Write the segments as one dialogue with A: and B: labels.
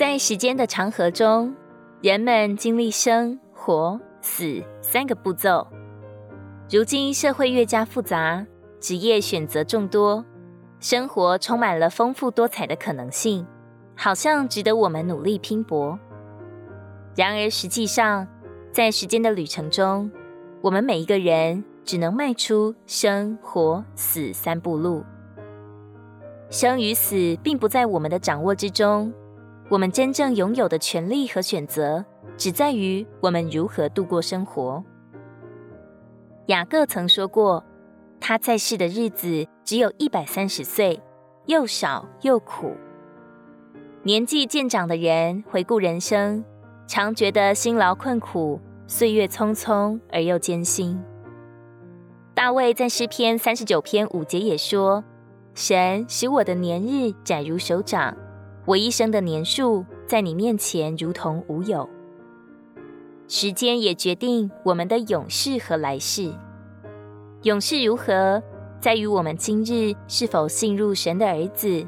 A: 在時間的長河中，人們經歷生、活、死三個步驟。如今社會越加複雜，職業選擇眾多，生活充滿了豐富多彩的可能性，好像值得我們努力拼搏。然而，實際上，在時間的旅程中，我們每一個人只能邁出生、活、死三步路。生與死並不在我們的掌握之中。我們真正擁有的權利和選擇，只在於我們如何度過生活。雅各曾說過，他在世的日子只有一百三十歲，又少又苦。年紀漸長的人回顧人生，常覺得辛勞困苦，歲月匆匆而又艱辛。大衛在詩篇三十九篇五節也說：“神使我的年日窄如手掌。”我一生的年數，在你面前如同無有。時間也決定我們的永世和來世。永世如何，在於我們今日是否信入神的兒子；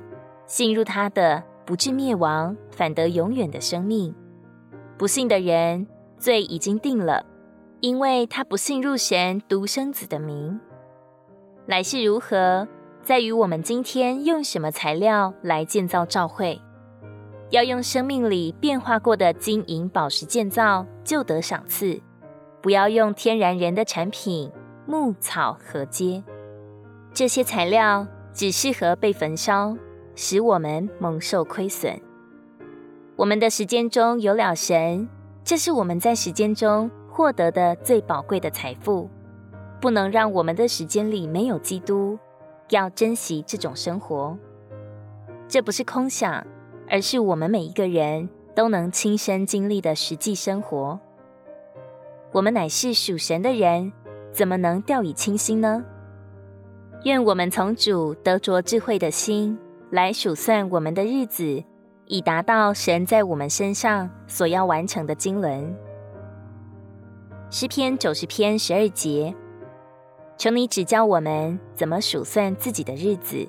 A: 信入他的，不至滅亡，反得永遠的生命。不信的人，罪已經定了，因為他不信入神獨生子的名。來世如何，在於我們今天用什麼材料來建造教會。要用生命裡變化過的金銀寶石建造，就得賞賜；不要用天然人的產品、木草禾秸，這些材料只適合被焚燒，使我們蒙受虧損。我們的時間中有了神，這是我們在時間中獲得的最寶貴的財富。不能讓我們的時間裡沒有基督，要珍惜這種生活。這不是空想。而是我們每一個人都能親身經歷的實際生活。我們乃是屬神的人，怎麼能掉以輕心呢？願我們從主得着智慧的心，來數算我們的日子，以達到神在我們身上所要完成的經綸。詩篇九十篇十二節，求你指教我們怎麼數算自己的日子，